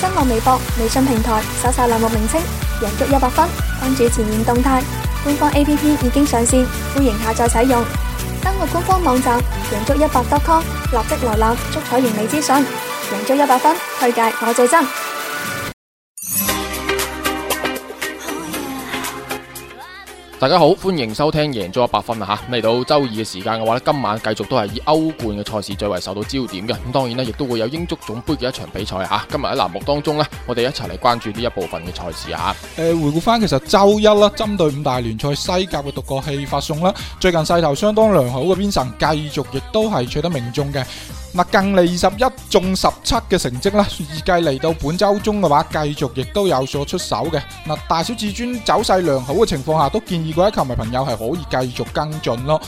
登錄微博、微信平台，搜索欄目名稱“贏足一百分”，關注前沿動態。官方 A P P 已經上線，歡迎下載使用。登錄官方網站贏足一百分 .com，立即瀏覽足彩盈利資訊。贏足一百分，推介我最真。大家好，歡迎收聽贏足 100FUN 吓，嚟到周二嘅時間嘅話呢，今晚繼續都係以歐冠嘅賽事最為受到焦點嘅，咁當然呢，亦都會有英足總杯嘅一場比賽啊，今日喺欄目當中呢，我哋一齊嚟關注呢一部分嘅賽事啊，誒、呃，回顧翻其實周一啦，針對五大聯賽西甲嘅獨角戲發送啦，最近勢頭相當良好嘅邊神，繼續亦都係取得命中嘅。嗱，近嚟二十一中十七嘅成績啦，預計嚟到本周中嘅話，繼續亦都有所出手嘅。嗱，大小至尊走勢良好嘅情況下，都建議各位球迷朋友係可以繼續跟進咯。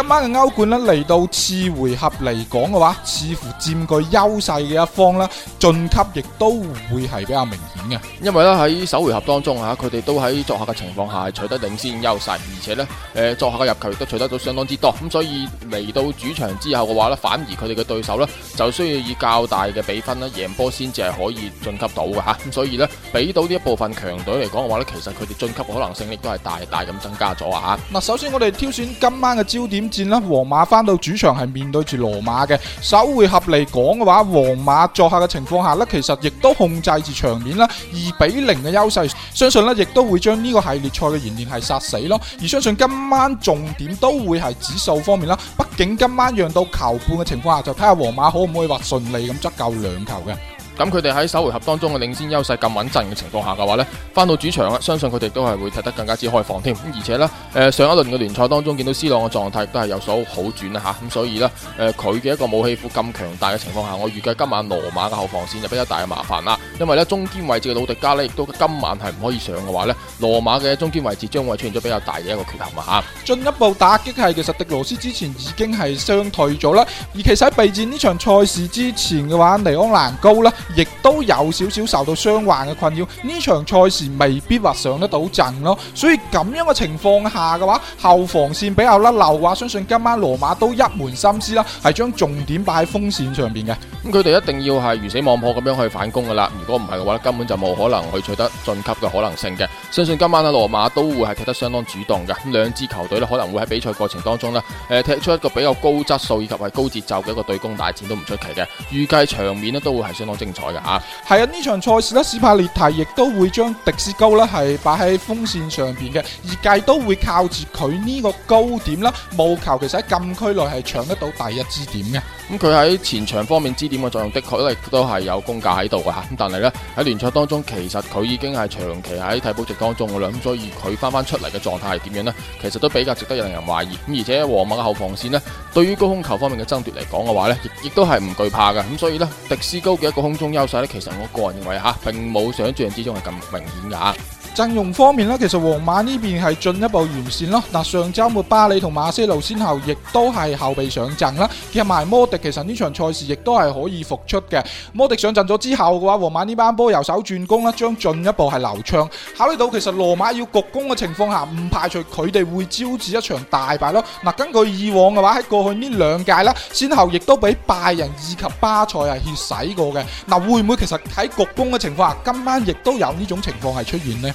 今晚嘅歐冠呢，嚟到次回合嚟講嘅話，似乎占據優勢嘅一方啦，晉級亦都會係比較明顯嘅。因為咧喺首回合當中吓，佢哋都喺作客嘅情況下取得領先優勢，而且咧誒作客嘅入球亦都取得咗相當之多。咁所以嚟到主場之後嘅話咧，反而佢哋嘅對手咧就需要以較大嘅比分咧贏波先至係可以晉級到嘅吓。咁所以咧俾到呢一部分強隊嚟講嘅話咧，其實佢哋晉級嘅可能性亦都係大大咁增加咗啊吓。嗱，首先我哋挑選今晚嘅焦點。戰啦，皇馬翻到主場係面對住羅馬嘅首回合嚟講嘅話，皇馬作客嘅情況下呢，其實亦都控制住場面啦，二比零嘅優勢，相信呢亦都會將呢個系列賽嘅懸念係殺死咯。而相信今晚重點都會係指數方面啦，畢竟今晚讓到球半嘅情況下，就睇下皇馬可唔可以話順利咁執夠兩球嘅。咁佢哋喺首回合當中嘅領先優勢咁穩陣嘅情況下嘅話呢，翻到主場啊，相信佢哋都係會踢得更加之開放添。而且呢，誒、呃、上一輪嘅聯賽當中見到 C 朗嘅狀態都係有所好轉啦嚇。咁、啊、所以呢，誒佢嘅一個武器庫咁強大嘅情況下，我預計今晚羅馬嘅後防線就比較大嘅麻煩啦。因為呢，中堅位置嘅魯迪加呢，亦都今晚係唔可以上嘅話呢，羅馬嘅中堅位置將會出現咗比較大嘅一個缺陷。啊嚇。進一步打擊係其實迪羅斯之前已經係傷退咗啦，而其實喺備戰呢場賽事之前嘅話，尼安蘭高咧。亦都有少少受到傷患嘅困擾，呢場賽事未必話上得到陣咯。所以咁樣嘅情況下嘅話，後防線比較甩漏嘅話，相信今晚羅馬都一門心思啦，係將重點擺喺鋒線上面嘅。咁佢哋一定要係魚死網破咁樣去反攻噶啦。如果唔係嘅話，根本就冇可能去取得晉級嘅可能性嘅。相信今晚啊羅馬都會係踢得相當主動嘅。兩支球隊呢可能會喺比賽過程當中呢、呃，踢出一個比較高質素以及係高節奏嘅一個對攻大戰都唔出奇嘅。預計場面呢都會係相當精彩。係啊，呢場賽事呢，斯帕列提亦都會將迪斯高呢係擺喺鋒線上邊嘅，而計都會靠住佢呢個高點啦，務求其實喺禁區內係搶得到第一支點嘅。咁佢喺前場方面支點嘅作用的確都係有功架喺度嘅吓。咁但係呢，喺聯賽當中，其實佢已經係長期喺替補席當中我諗。所以佢翻翻出嚟嘅狀態係點樣呢？其實都比較值得有令人懷疑。咁而且皇馬嘅後防線呢，對於高空球方面嘅爭奪嚟講嘅話呢，亦，亦都係唔懼怕嘅。咁所以呢，迪斯高嘅一個空中，優勢咧，其實我個人認為吓，並冇想象之中係咁明顯噶。陣容方面咧，其實皇馬呢邊係進一步完善咯。嗱，上周末巴里同馬些路先後亦都係後備上陣啦，加埋摩迪，其實呢場賽事亦都係可以復出嘅。摩迪上陣咗之後嘅話，皇馬呢班波由守轉攻咧，將進一步係流暢。考慮到其實羅馬要局攻嘅情況下，唔排除佢哋會招致一場大敗咯。嗱，根據以往嘅話喺過去呢兩屆啦，先後亦都俾拜仁以及巴塞係血洗過嘅。嗱，會唔會其實喺局攻嘅情況下，今晚亦都有呢種情況係出現呢？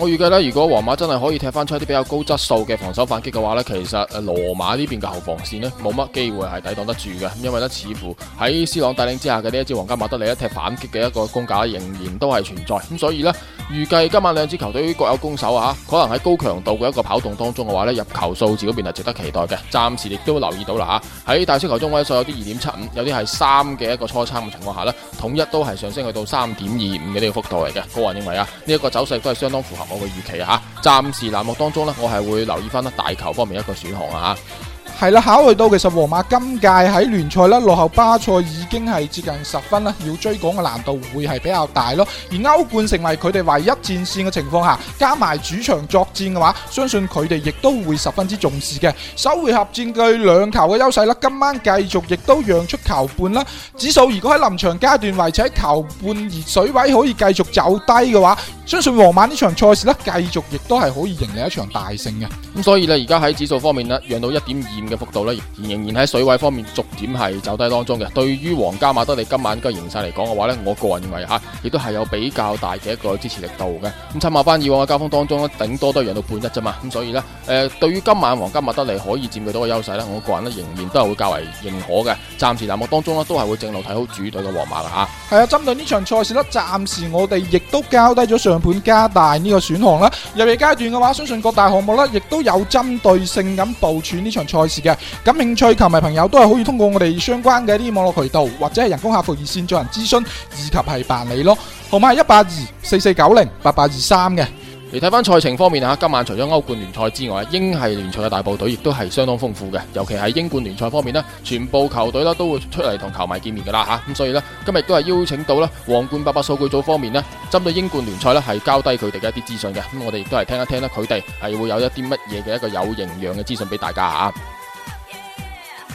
我預計咧，如果皇馬真係可以踢返出一啲比較高質素嘅防守反擊嘅話呢，其實羅馬呢邊嘅後防線呢，冇乜機會係抵擋得住嘅，因為呢，似乎喺 C 朗帶領之下嘅呢一支皇家馬德里一踢反擊嘅一個功架仍然都係存在，咁所以呢，預計今晚兩支球隊各有攻守啊，可能喺高強度嘅一個跑動當中嘅話呢，入球數字嗰邊係值得期待嘅。暫時亦都留意到啦、啊，喺大細球中位數有啲二點七五，有啲係三嘅一個初參嘅情況下呢，統一都係上升去到三點二五嘅呢個幅度嚟嘅。個人認為啊，呢、這、一個走勢都係相當符合。我嘅預期吓，暫時欄目當中咧，我係會留意翻咧，大球方面一個選項啊吓。係啦，考慮到其實皇馬今屆喺聯賽啦，落後巴塞已經係接近十分啦，要追趕嘅難度會係比較大咯。而歐冠，成為佢哋唯一戰線嘅情況下，加埋主場作戰嘅話，相信佢哋亦都會十分之重視嘅。首回合佔據兩球嘅優勢啦，今晚繼續亦都讓出球半啦。指數如果喺臨場階段維持喺球半而水位可以繼續走低嘅話，相信皇馬呢場賽事呢，繼續亦都係可以迎嚟一場大勝嘅。咁所以呢，而家喺指數方面呢，讓到一點二。嘅幅度咧，仍然喺水位方面逐漸係走低當中嘅。對於皇家馬德里今晚個形勢嚟講嘅話咧，我個人認為吓，亦都係有比較大嘅一個支持力度嘅。咁，參考翻以往嘅交鋒當中咧，頂多都係贏到半一啫嘛。咁所以咧，誒，對於今晚皇家馬德里可以佔據到個優勢咧，我個人咧仍然都係會較為認可嘅。暫時欄目當中咧，都係會正路睇好主隊嘅皇馬啦吓。係啊，針對呢場賽事咧，暫時我哋亦都交低咗上盤加大呢個選項啦。入夜階段嘅話，相信各大項目咧，亦都有針對性咁部署呢場賽事。嘅咁，興趣球迷朋友都係可以通過我哋相關嘅一啲網絡渠道，或者係人工客服熱線進行諮詢以及係辦理咯。號碼係一八二四四九零八八二三嘅。嚟睇翻賽程方面吓，今晚除咗歐冠聯賽之外，英系聯賽嘅大部隊亦都係相當豐富嘅。尤其係英冠聯賽方面呢，全部球隊啦都會出嚟同球迷見面噶啦吓，咁所以咧，今日都係邀請到咧皇冠八八數據組方面咧，針對英冠聯賽咧係交低佢哋嘅一啲資訊嘅。咁我哋亦都係聽一聽啦，佢哋係會有一啲乜嘢嘅一個有營養嘅資訊俾大家吓。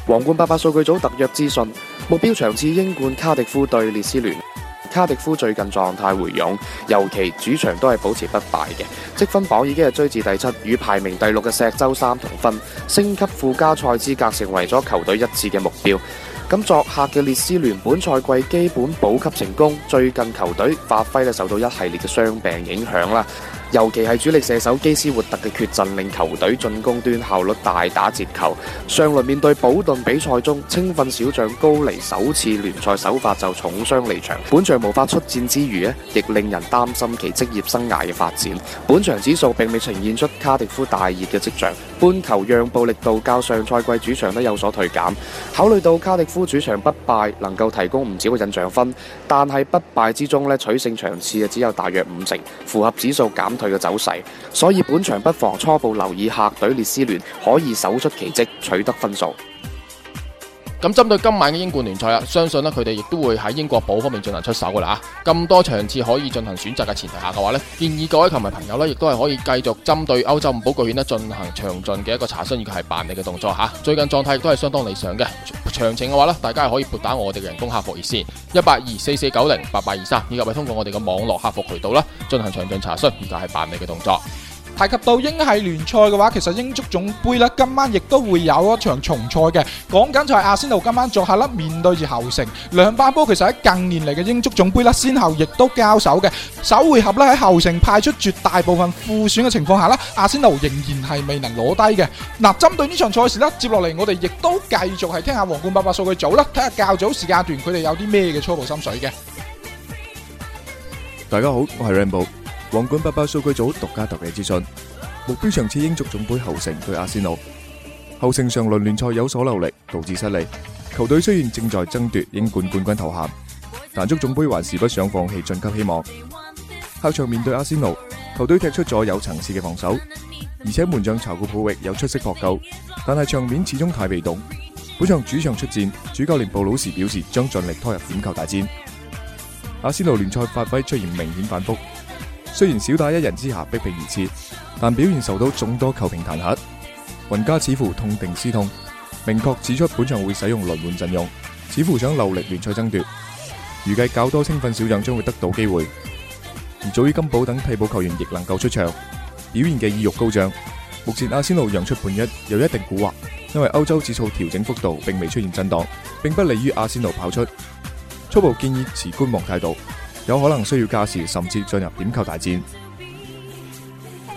皇冠八八數據組特約資訊目標場次：英冠卡迪夫對列斯聯。卡迪夫最近狀態回勇，尤其主場都係保持不敗嘅。積分榜已經係追至第七，與排名第六嘅謝周三同分，升級附加賽資格成為咗球隊一致嘅目標。咁作客嘅列斯聯本賽季基本保級成功，最近球隊發揮咧受到一系列嘅傷病影響啦。尤其係主力射手基斯活特嘅缺陣，令球隊進攻端效率大打折扣。上輪面對保頓比賽中，青訓小將高尼首次聯賽首發就重傷離場，本場無法出戰之餘，呢亦令人擔心其職業生涯嘅發展。本場指數並未呈現出卡迪夫大熱嘅跡象，半球讓步力度較上賽季主場都有所退減。考慮到卡迪夫主場不敗能夠提供唔少嘅印象分，但係不敗之中呢取勝場次啊只有大約五成，符合指數減。佢嘅走勢，所以本場不妨初步留意客隊列斯聯可以守出奇蹟，取得分數。咁針對今晚嘅英冠聯賽啊，相信呢，佢哋亦都會喺英國寶方面進行出手噶啦。咁多場次可以進行選擇嘅前提下嘅話呢，建議各位球迷朋友呢，亦都係可以繼續針對歐洲五保巨院呢進行詳盡嘅一個查詢以及係辦理嘅動作吓。最近狀態亦都係相當理想嘅，詳情嘅話呢大家係可以撥打我哋嘅人工客服熱線一八二四四九零八八二三，23，以及係通過我哋嘅網絡客服渠道啦進行詳盡查詢以及係辦理嘅動作。提及到英系聯賽嘅話，其實英足總杯啦，今晚亦都會有一場重賽嘅。講緊就係阿仙奴今晚作客啦，面對住侯城。兩班波其實喺近年嚟嘅英足總杯啦，先後亦都交手嘅。首回合咧喺侯城派出絕大部分副選嘅情況下啦，阿仙奴仍然係未能攞低嘅。嗱，針對呢場賽事啦，接落嚟我哋亦都繼續係聽下皇冠八八數據組啦，睇下較早時間段佢哋有啲咩嘅初步心水嘅。大家好，我係 Rainbow。皇冠八八數據組獨家獨家資訊，目標上次英足總盃侯城對阿仙奴。侯城上輪聯賽有所留力，導致失利。球隊雖然正在爭奪英冠冠軍頭銜，但足總盃還是不想放棄晉級希望。客場面對阿仙奴，球隊踢出咗有層次嘅防守，而且門將查古普域有出色撲救，但係場面始終太被動。本場主場出戰，主教練布魯士表示將盡力拖入點球大戰。阿仙奴聯賽發揮出現明顯反覆。雖然少打一人之下逼平而至，但表現受到眾多球評彈劾。雲加似乎痛定思痛，明確指出本場會使用輪換陣容，似乎想留力聯賽爭奪。預計較多青訓小將將會得到機會，而早于金寶等替補球員亦能夠出場，表現嘅意欲高漲。目前阿仙奴讓出半一有一定蠱惑，因為歐洲指數調整幅度並未出現震盪，并不利於阿仙奴跑出。初步建議持觀望態度。有可能需要加時，甚至進入點球大戰。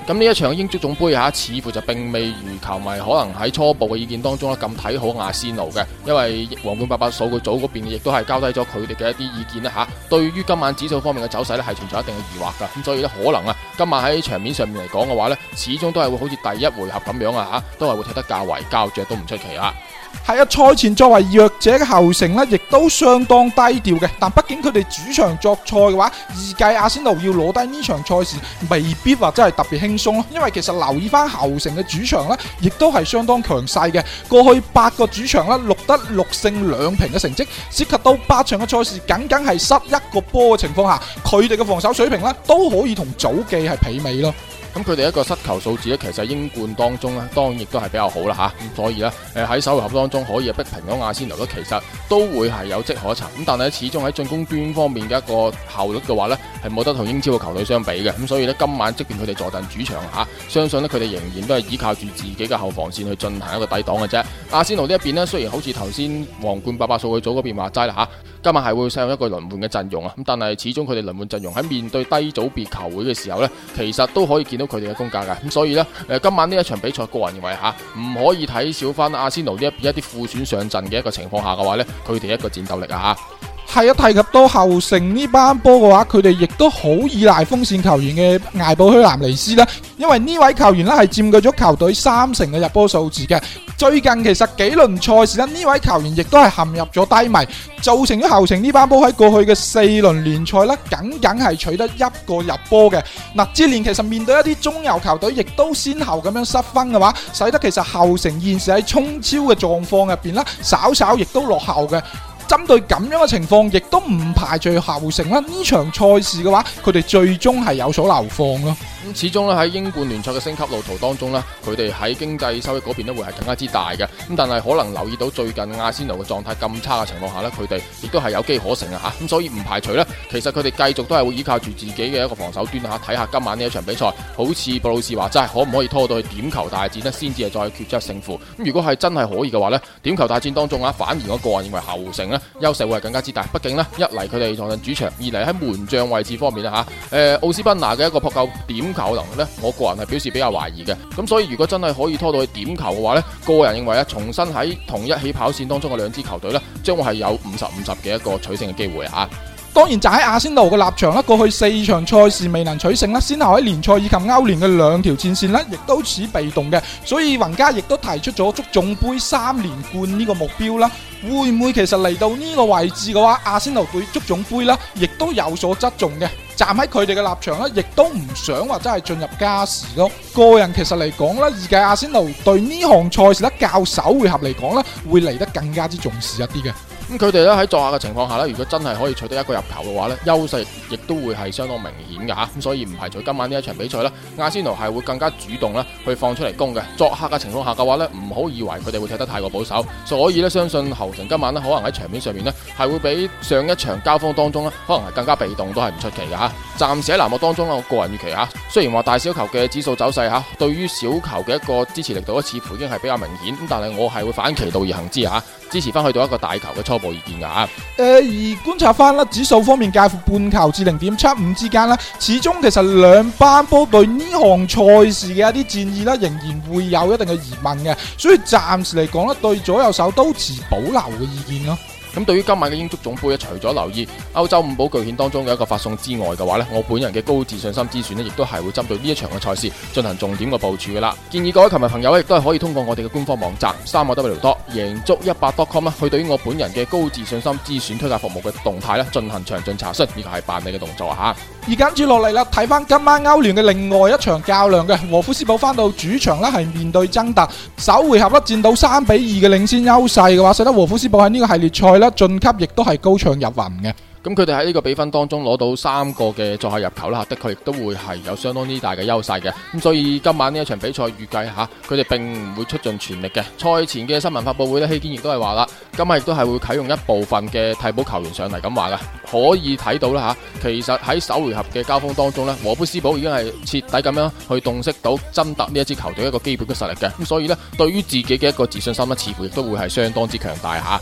咁呢一場英足總盃吓，似乎就並未如球迷可能喺初步嘅意見當中咧咁睇好阿仙奴嘅，因為皇冠八八數據組嗰邊亦都係交低咗佢哋嘅一啲意見啦吓、啊。對於今晚指數方面嘅走勢咧，係存在一定嘅疑惑噶，咁所以咧可能啊，今晚喺場面上面嚟講嘅話咧，始終都係會好似第一回合咁樣啊吓，都係會踢得較為膠着，都唔出奇啦、啊。係啊，賽前作為弱者嘅侯城呢，亦都相當低調嘅。但畢竟佢哋主場作賽嘅話，二計阿仙奴要攞低呢場賽事，未必話真係特別輕鬆咯。因為其實留意翻侯城嘅主場呢，亦都係相當強勢嘅。過去八個主場呢，錄得六勝兩平嘅成績，涉及到八場嘅賽事，僅僅係失一個波嘅情況下，佢哋嘅防守水平呢，都可以同早記係媲美咯。咁佢哋一個失球數字咧，其實喺英冠當中咧，當然亦都係比較好啦吓。咁、啊、所以咧，誒喺首回合當中可以逼平咗阿仙奴，咁其實都會係有跡可尋。咁但係始終喺進攻端方面嘅一個效率嘅話咧，係冇得同英超嘅球隊相比嘅。咁、啊、所以呢，今晚即便佢哋坐陣主場吓、啊，相信呢，佢哋仍然都係依靠住自己嘅後防線去進行一個抵擋嘅啫。阿、啊、仙奴呢一邊呢，雖然好似頭先皇冠八八數據組嗰邊話齋啦吓。啊今晚係會使用一個輪換嘅陣容啊，咁但係始終佢哋輪換陣容喺面對低組別球會嘅時候呢，其實都可以見到佢哋嘅功架嘅，咁所以呢，誒今晚呢一場比賽，個人認為吓啊，唔可以睇少返阿仙奴呢一啲副選上陣嘅一個情況下嘅話呢，佢哋一個戰鬥力啊吓。提一、啊、提及到后城呢班波嘅話，佢哋亦都好依賴鋒線球員嘅艾布虛南尼斯啦，因為呢位球員啦係佔據咗球隊三成嘅入波數字嘅。最近其實幾輪賽事呢，呢位球員亦都係陷入咗低迷，造成咗后城呢班波喺過去嘅四輪聯賽呢，僅僅係取得一個入波嘅。嗱、啊，之連其實面對一啲中游球隊，亦都先後咁樣失分嘅話，使得其實后城現時喺衝超嘅狀況入邊呢稍稍亦都落後嘅。針對咁樣嘅情況，亦都唔排除客勝啦。呢場賽事嘅話，佢哋最終係有所流放咯。咁始終咧喺英冠聯賽嘅升級路途當中呢，佢哋喺經濟收益嗰邊咧，會係更加之大嘅。咁但係可能留意到最近阿仙奴嘅狀態咁差嘅情況下呢，佢哋亦都係有機可乘啊吓。咁所以唔排除呢，其實佢哋繼續都係會依靠住自己嘅一個防守端吓，睇、啊、下今晚呢一場比賽，好似布魯斯話齋可唔可以拖到去點球大戰呢？先至係再去決出勝負。咁、啊、如果係真係可以嘅話呢點球大戰當中啊，反而我個人認為侯城呢，優勢會係更加之大。畢竟呢，一嚟佢哋坐陣主場，二嚟喺門將位置方面吓，誒、啊呃、奧斯賓拿嘅一個撲救點球能力呢，我個人係表示比較懷疑嘅，咁所以如果真係可以拖到去點球嘅話呢，個人認為啊，重新喺同一起跑線當中嘅兩支球隊呢，將會係有五十五十嘅一個取勝嘅機會吓啊。當然就喺阿仙奴嘅立場咧，過去四場賽事未能取勝啦，先後喺聯賽以及歐聯嘅兩條戰線呢，亦都似被動嘅，所以雲加亦都提出咗足總杯三連冠呢個目標啦。會唔會其實嚟到呢個位置嘅話，阿仙奴對足總杯啦，亦都有所側重嘅？站喺佢哋嘅立場咧，亦都唔想話真係進入加時咯。個人其實嚟講咧，預計阿仙奴對呢項賽事咧較首回合嚟講咧，會嚟得更加之重視一啲嘅。咁佢哋咧喺作客嘅情況下咧，如果真係可以取得一個入球嘅話咧，優勢亦都會係相當明顯嘅嚇，咁所以唔排除今晚呢一場比賽咧，阿仙奴係會更加主動咧去放出嚟攻嘅。作客嘅情況下嘅話呢，唔好以為佢哋會踢得太過保守。所以呢，相信侯城今晚呢，可能喺場面上面呢，係會比上一場交鋒當中呢，可能係更加被動都係唔出奇嘅嚇。暫時喺欄目當中咧，我個人預期嚇，雖然話大小球嘅指數走勢嚇，對於小球嘅一個支持力度呢，似乎已經係比較明顯。咁但係我係會反其道而行之嚇，支持翻去到一個大球嘅初步意見嘅嚇。誒、呃，而觀察翻啦指數方面介乎半球，至零點七五之間啦，始終其實兩班波對呢項賽事嘅一啲戰意啦，仍然會有一定嘅疑問嘅，所以暫時嚟講咧，對左右手都持保留嘅意見咯。咁對於今晚嘅英足總杯咧，除咗留意歐洲五寶巨獻當中嘅一個發送之外嘅話呢我本人嘅高自信心之選呢，亦都係會針對呢一場嘅賽事進行重點嘅部署噶啦。建議各位球迷朋友亦都係可以通過我哋嘅官方網站三個 W 多贏足一百 dot com 去對於我本人嘅高自信心之選推介服務嘅動態呢，進行詳盡查詢呢個係辦理嘅動作啊！吓，而跟住落嚟啦，睇翻今晚歐聯嘅另外一場較量嘅，和夫斯堡翻到主場呢，係面對根特，首回合咧佔到三比二嘅領先優勢嘅話，使得和夫斯堡喺呢個系列賽晉級亦都係高唱入雲嘅，咁佢哋喺呢個比分當中攞到三個嘅作客入球啦，吓，的確亦都會係有相當之大嘅優勢嘅，咁所以今晚呢一場比賽預計吓，佢哋並唔會出盡全力嘅。賽前嘅新聞發佈會呢，希堅亦都係話啦，今晚亦都係會啟用一部分嘅替補球員上嚟咁話嘅，可以睇到啦吓，其實喺首回合嘅交鋒當中呢，和夫斯堡已經係徹底咁樣去洞悉到根特呢一支球隊一個基本嘅實力嘅，咁所以呢，對於自己嘅一個自信心呢，似乎亦都會係相當之強大吓。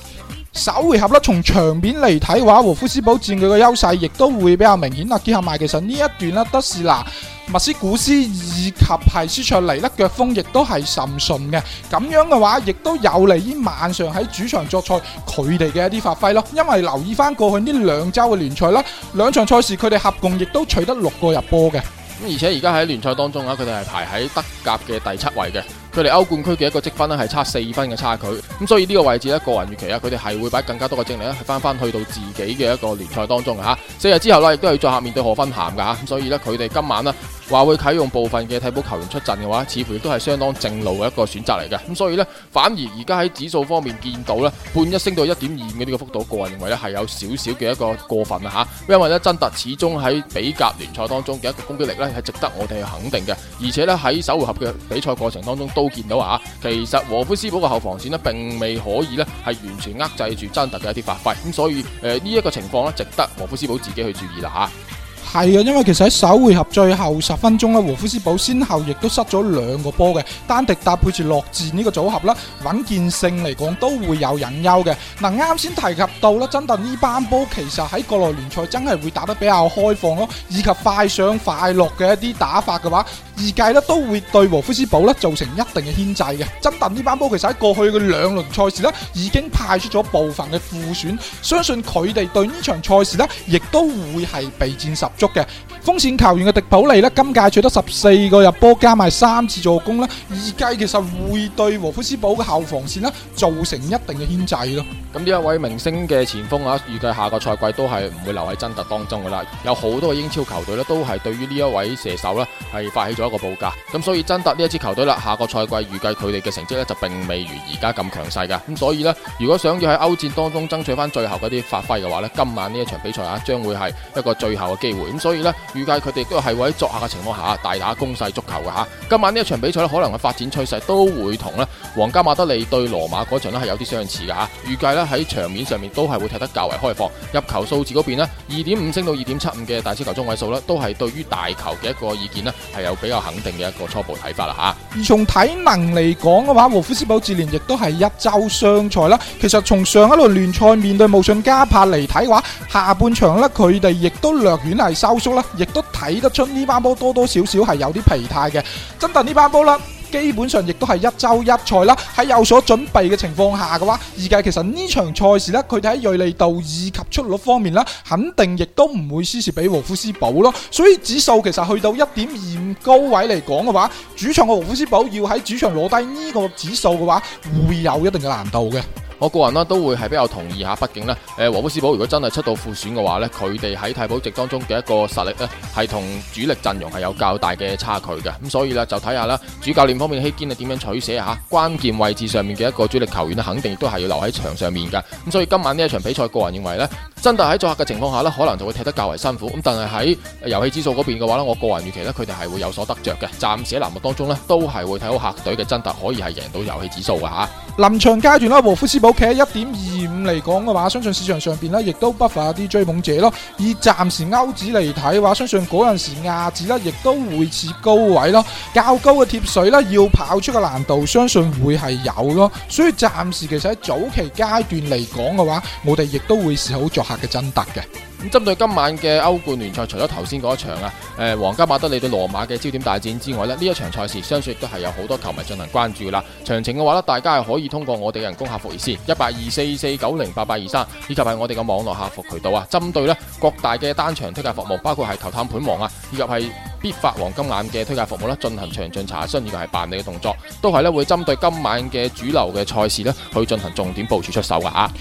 首回合咧，從場面嚟睇嘅話，和夫斯堡佔佢嘅優勢，亦都會比較明顯啊！結合埋其實呢一段咧，德士拿，密斯古斯以及係斯卓尼咧，腳鋒亦都係甚順嘅。咁樣嘅話，亦都有利於晚上喺主場作賽佢哋嘅一啲發揮咯。因為留意翻過去呢兩周嘅聯賽啦，兩場賽事佢哋合共亦都取得六個入波嘅。咁而且而家喺聯賽當中啊，佢哋係排喺德甲嘅第七位嘅。佢哋歐冠區嘅一個積分咧，係差四分嘅差距。咁所以呢個位置咧，個人預期啊，佢哋係會擺更加多嘅精力咧，係翻翻去到自己嘅一個聯賽當中嘅嚇。四日之後呢，亦都係再面對何芬咸噶。咁所以呢，佢哋今晚咧。話會啟用部分嘅替補球員出陣嘅話，似乎亦都係相當正路嘅一個選擇嚟嘅。咁所以呢，反而而家喺指數方面見到呢半一升到一點二五嘅呢個幅度，我個人認為呢係有少少嘅一個過分啦吓。因為呢，真特始終喺比甲聯賽當中嘅一個攻擊力呢係值得我哋去肯定嘅。而且呢，喺首回合嘅比賽過程當中都見到啊，其實和夫斯堡嘅後防綫呢，並未可以呢係完全遏制住真特嘅一啲發揮。咁所以誒呢一個情況呢，值得和夫斯堡自己去注意啦吓。係啊，因為其實喺首回合最後十分鐘咧，禾夫斯堡先後亦都失咗兩個波嘅，丹迪搭配住洛志呢個組合啦，穩健性嚟講都會有隱憂嘅。嗱，啱先提及到啦，真特呢班波其實喺國內聯賽真係會打得比較開放咯，以及快上快落嘅一啲打法嘅話。二界咧都會對和夫斯堡咧造成一定嘅牽制嘅。爭特呢班波其實喺過去嘅兩輪賽事咧已經派出咗部分嘅副選，相信佢哋對呢場賽事咧亦都會係備戰十足嘅。鋒線球員嘅迪普利咧今屆取得十四個入波，加埋三次助攻咧，二界其實會對和夫斯堡嘅後防線咧造成一定嘅牽制咯。咁呢一位明星嘅前鋒啊，預計下個賽季都係唔會留喺爭特當中噶啦。有好多嘅英超球隊咧都係對於呢一位射手咧係發起咗一個報價咁，所以爭達呢一支球隊啦，下個賽季預計佢哋嘅成績呢就並未如而家咁強勢嘅，咁、嗯、所以呢，如果想要喺歐戰當中爭取翻最後嗰啲發揮嘅話呢，今晚呢一場比賽啊，將會係一個最後嘅機會，咁、嗯、所以呢，預計佢哋都係會喺作客嘅情況下大打攻勢足球嘅吓、啊，今晚呢一場比賽咧，可能嘅發展趨勢都會同呢皇家馬德里對羅馬嗰場呢係有啲相似嘅吓，預計咧喺場面上面都係會踢得較為開放，入球數字嗰邊呢，二點五升到二點七五嘅大小球中位數呢，都係對於大球嘅一個意見呢，係有比較。有肯定嘅一個初步睇法啦吓，啊、而從體能嚟講嘅話，和夫斯堡治聯亦都係一周雙賽啦。其實從上一輪聯賽面對慕遜加帕嚟睇嘅話，下半場呢佢哋亦都略顯係收縮啦，亦都睇得出呢班波多多少少係有啲疲態嘅。真等呢班波啦。基本上亦都係一周一賽啦，喺有所準備嘅情況下嘅話，而家其實呢場賽事呢，佢哋喺銳利度以及出率方面呢，肯定亦都唔會輸蝕俾禾夫斯堡咯。所以指數其實去到一點二五高位嚟講嘅話，主場嘅禾夫斯堡要喺主場攞低呢個指數嘅話，會有一定嘅難度嘅。我個人啦都會係比較同意一下，畢竟呢，誒，禾夫斯堡如果真係出到副選嘅話呢，佢哋喺替補席當中嘅一個實力呢，係同主力陣容係有較大嘅差距嘅，咁所以呢，就睇下啦，主教練方面希堅啊點樣取捨。嚇，關鍵位置上面嘅一個主力球員呢，肯定都係要留喺場上面嘅，咁所以今晚呢一場比賽，個人認為呢。根特喺作客嘅情況下呢，可能就會踢得較為辛苦。咁但係喺遊戲指數嗰邊嘅話呢，我個人預期呢，佢哋係會有所得着嘅。暫時喺藍幕當中呢，都係會睇好客隊嘅根特，可以係贏到遊戲指數嘅嚇。臨場階段咧，沃夫斯堡企喺一點二五嚟講嘅話，相信市場上邊呢，亦都不乏啲追捧者咯。以暫時歐指嚟睇嘅話，相信嗰陣時亞指咧，亦都會似高位咯，較高嘅貼水呢，要跑出嘅難度相信會係有咯。所以暫時其實喺早期階段嚟講嘅話，我哋亦都會係好作客。嘅真突嘅，咁針對今晚嘅歐冠聯賽，除咗頭先嗰一場啊，誒皇家馬德里對羅馬嘅焦點大戰之外呢，呢一場賽事相信亦都係有好多球迷進行關注噶啦。詳情嘅話呢，大家係可以通過我哋嘅人工客服熱線一八二四四九零八八二三，23, 以及係我哋嘅網絡客服渠道啊。針對呢各大嘅單場推介服務，包括係球探盤王啊，以及係。必發黃金眼嘅推介服務咧，進行詳盡查詢以及係辦理嘅動作，都係咧會針對今晚嘅主流嘅賽事咧，去進行重點部署出手噶啊！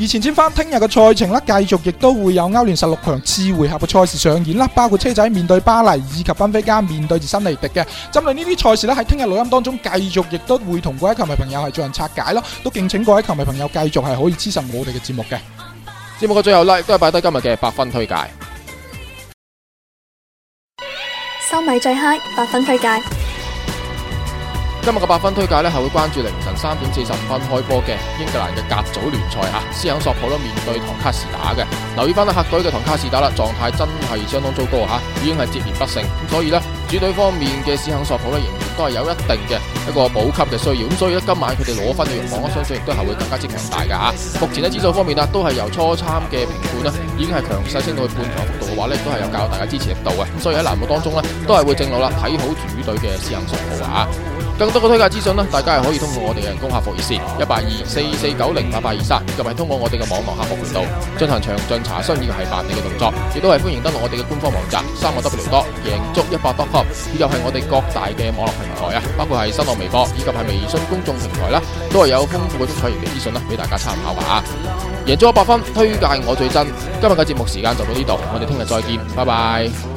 而前瞻翻聽日嘅賽程咧，繼續亦都會有歐聯十六強次回合嘅賽事上演啦，包括車仔面對巴黎以及賓菲加面對住新尼迪嘅，針對呢啲賽事咧喺聽日錄音當中繼續亦都會同各位球迷朋友係進行拆解咯，都敬請各位球迷朋友繼續係可以黐實我哋嘅節目嘅，節目嘅最後咧都係擺低今日嘅百分推介。收米最嗨，八分推介。今日嘅八分推介咧，係會關注凌晨三點四十五分開波嘅英格蘭嘅甲組聯賽吓，斯肯索普咯，面對唐卡士打嘅。留意翻咧客隊嘅唐卡士打啦，狀態真係相當糟糕吓、啊，已經係接連不勝咁，所以呢，主隊方面嘅斯肯索普咧仍然都係有一定嘅一個補給嘅需要咁，所以咧今晚佢哋攞分嘅慾望，我相信亦都係會更加之強大噶吓。目、啊、前咧指數方面啦，都係由初參嘅評判咧已經係強勢升到去半球幅度嘅話咧，都係有教大家支持力度嘅。所以喺欄目當中咧都係會正路啦，睇好主隊嘅斯肯索普啊。更多嘅推介資訊咧，大家係可以通過我哋嘅人工客服熱線一八二四四九零八八二三，4 4 23，以及係通過我哋嘅網絡客服頻道進行詳盡查詢，以及係辦理嘅動作，亦都係歡迎登錄我哋嘅官方網站三個 W 多贏足一百 dot com，以及係我哋各大嘅網絡平台啊，包括係新浪微博以及係微信公眾平台啦，都係有豐富嘅足彩型嘅資訊啦，俾大家參考一下啊！贏足一百分，推介我最真。今日嘅節目時間就到呢度，我哋聽日再見，拜拜。